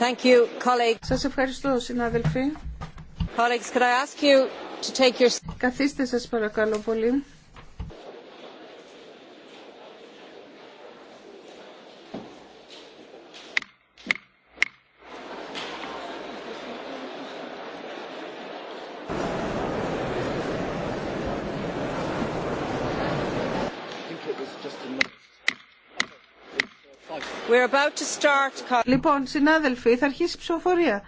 Thank you, colleague. Σας ευχαριστώ, συνάδελφοι. Colleagues, could I ask you to take your... Καθίστε σας παρακαλώ πολύ. I think it was just a Λοιπόν, συνάδελφοι, θα αρχίσει η ψηφοφορία.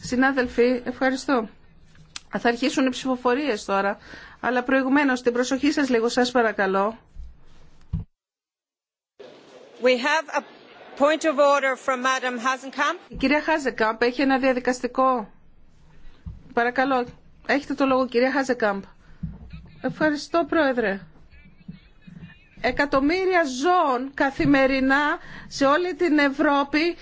Συνάδελφοι, ευχαριστώ. Θα αρχίσουν οι ψηφοφορίες τώρα, αλλά προηγουμένως την προσοχή σας λίγο σας παρακαλώ. We have a point of order from Madam Hasenkamp. Η κυρία Χάζεκάμπ έχει ένα διαδικαστικό. Παρακαλώ, έχετε το λόγο κυρία Χάζεκάμπ. Ευχαριστώ πρόεδρε εκατομμύρια ζώων καθημερινά σε όλη την Ευρώπη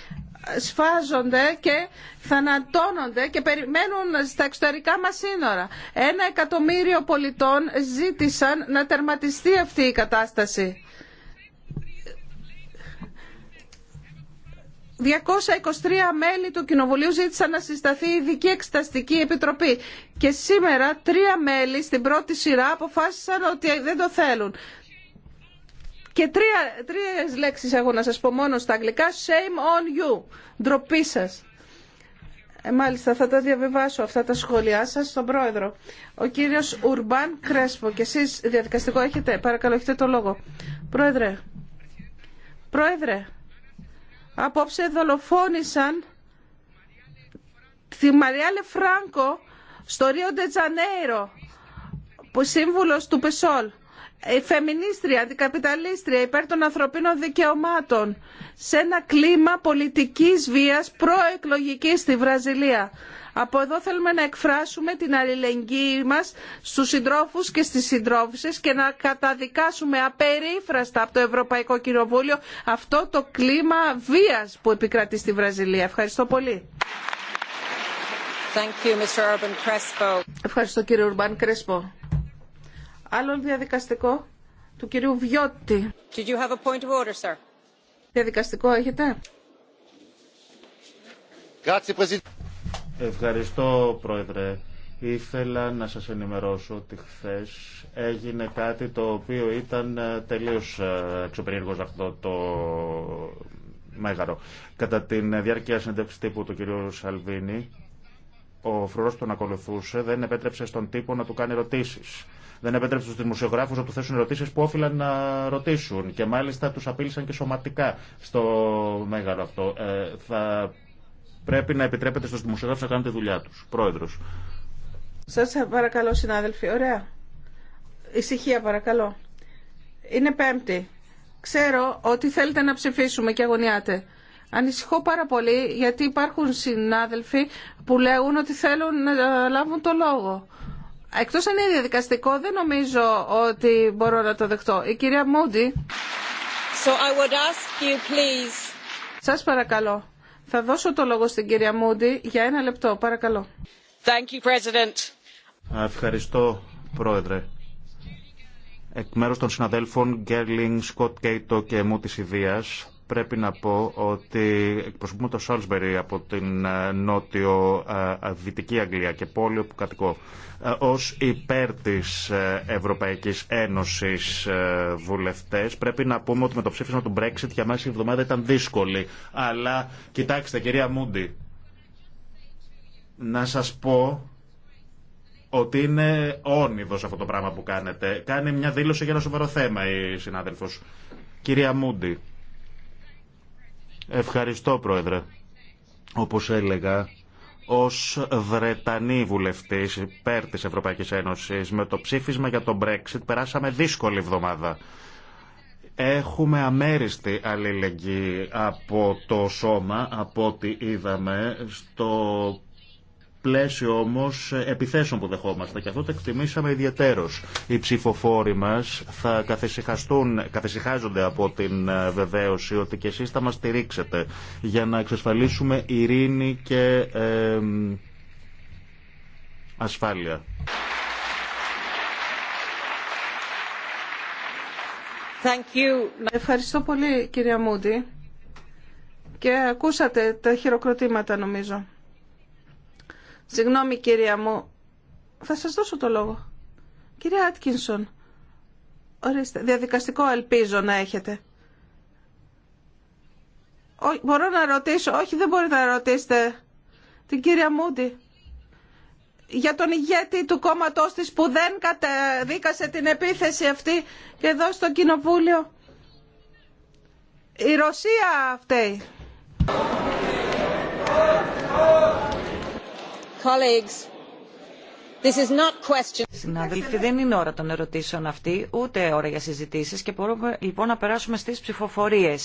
σφάζονται και θανατώνονται και περιμένουν στα εξωτερικά μας σύνορα. Ένα εκατομμύριο πολιτών ζήτησαν να τερματιστεί αυτή η κατάσταση. 223 μέλη του Κοινοβουλίου ζήτησαν να συσταθεί η Ειδική Εξεταστική Επιτροπή και σήμερα τρία μέλη στην πρώτη σειρά αποφάσισαν ότι δεν το θέλουν. Και τρία, τρία λέξεις έχω να σας πω μόνο στα αγγλικά. Shame on you. Ντροπή σας. Ε, μάλιστα, θα τα διαβιβάσω αυτά τα σχόλιά σας στον πρόεδρο. Ο κύριος Ουρμπάν Κρέσπο. Και εσείς διαδικαστικό έχετε. Παρακαλώ, έχετε το λόγο. Πρόεδρε. Πρόεδρε. Απόψε δολοφόνησαν τη Μαρια Φράνκο στο Ρίο Ντετζανέιρο, που σύμβουλος του Πεσόλ φεμινίστρια, αντικαπιταλίστρια, υπέρ των ανθρωπίνων δικαιωμάτων, σε ένα κλίμα πολιτικής βίας προεκλογικής στη Βραζιλία. Από εδώ θέλουμε να εκφράσουμε την αλληλεγγύη μας στους συντρόφους και στις συντρόφισσες και να καταδικάσουμε απερίφραστα από το Ευρωπαϊκό Κοινοβούλιο αυτό το κλίμα βίας που επικρατεί στη Βραζιλία. Ευχαριστώ πολύ. Thank you, Ευχαριστώ κύριε Ουρμπάν Κρέσπο. Άλλον διαδικαστικό του κυρίου Βιώτη. Did you have a point of order, sir? Διαδικαστικό έχετε. Ευχαριστώ, Πρόεδρε. Ήθελα να σας ενημερώσω ότι χθε έγινε κάτι το οποίο ήταν ε, τελείως ε, εξωπερίεργος αυτό το μέγαρο. Κατά τη διάρκεια συνέντευξη τύπου του κυρίου Σαλβίνη, ο φρουρός τον ακολουθούσε δεν επέτρεψε στον τύπο να του κάνει ερωτήσεις. Δεν επέτρεψε στου δημοσιογράφου να του θέσουν ερωτήσει που όφυλαν να ρωτήσουν και μάλιστα του απείλησαν και σωματικά στο μέγαρο αυτό. Ε, θα πρέπει να επιτρέπετε στου δημοσιογράφου να κάνουν τη δουλειά του. Πρόεδρο. Σα παρακαλώ, συνάδελφοι. Ωραία. Ησυχία, παρακαλώ. Είναι Πέμπτη. Ξέρω ότι θέλετε να ψηφίσουμε και αγωνιάτε. Ανησυχώ πάρα πολύ γιατί υπάρχουν συνάδελφοι που λέγουν ότι θέλουν να λάβουν το λόγο. Εκτός αν είναι διαδικαστικό, δεν νομίζω ότι μπορώ να το δεχτώ. Η κυρία Μούντι. So I would ask you, please. Σας παρακαλώ. Θα δώσω το λόγο στην κυρία Μούντι για ένα λεπτό. Παρακαλώ. Thank you, President. Ευχαριστώ, Πρόεδρε. Εκ μέρους των συναδέλφων Γκέρλινγκ, Σκοτ Κέιτο και μου της Ιδίας, πρέπει να πω ότι εκπροσωπούμε το Σάλσμπερι από την ε, νότιο-δυτική ε, Αγγλία και πόλη όπου κατοικώ ε, ως υπέρ της Ευρωπαϊκής Ένωσης βουλευτές πρέπει να πούμε ότι με το ψήφισμα του Brexit για μέσα η εβδομάδα ήταν δύσκολη αλλά κοιτάξτε κυρία Μούντι να σας πω ότι είναι όνειδος αυτό το πράγμα που κάνετε. Κάνει μια δήλωση για ένα σοβαρό θέμα η συνάδελφος. Κυρία Μούντι, Ευχαριστώ, Πρόεδρε. Όπως έλεγα, ως Βρετανή βουλευτή, υπέρ της Ευρωπαϊκής Ένωσης με το ψήφισμα για τον Brexit περάσαμε δύσκολη εβδομάδα. Έχουμε αμέριστη αλληλεγγύη από το σώμα, από ό,τι είδαμε, στο πλαίσιο όμω επιθέσεων που δεχόμαστε και αυτό το εκτιμήσαμε ιδιαίτερω. Οι ψηφοφόροι μας θα καθησυχάζονται από την ε, βεβαίωση ότι και εσεί θα μα στηρίξετε για να εξασφαλίσουμε ειρήνη και ασφάλεια. Thank you. Ευχαριστώ πολύ κυρία Μούντι και ακούσατε τα χειροκροτήματα νομίζω. Συγγνώμη κυρία μου, θα σας δώσω το λόγο. Κυρία Άτκινσον, ορίστε, διαδικαστικό ελπίζω να έχετε. μπορώ να ρωτήσω, όχι δεν μπορείτε να ρωτήσετε την κυρία Μούντι για τον ηγέτη του κόμματός της που δεν κατεδίκασε την επίθεση αυτή και εδώ στο κοινοβούλιο. Η Ρωσία φταίει. Συνάδελφοι, δεν είναι ώρα των ερωτήσεων αυτή, ούτε ώρα για συζητήσει και μπορούμε λοιπόν να περάσουμε στι ψηφοφορίε.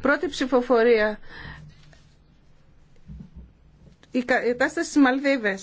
Πρώτη ψηφοφορία. Η κατάσταση στι Μαλδίβες.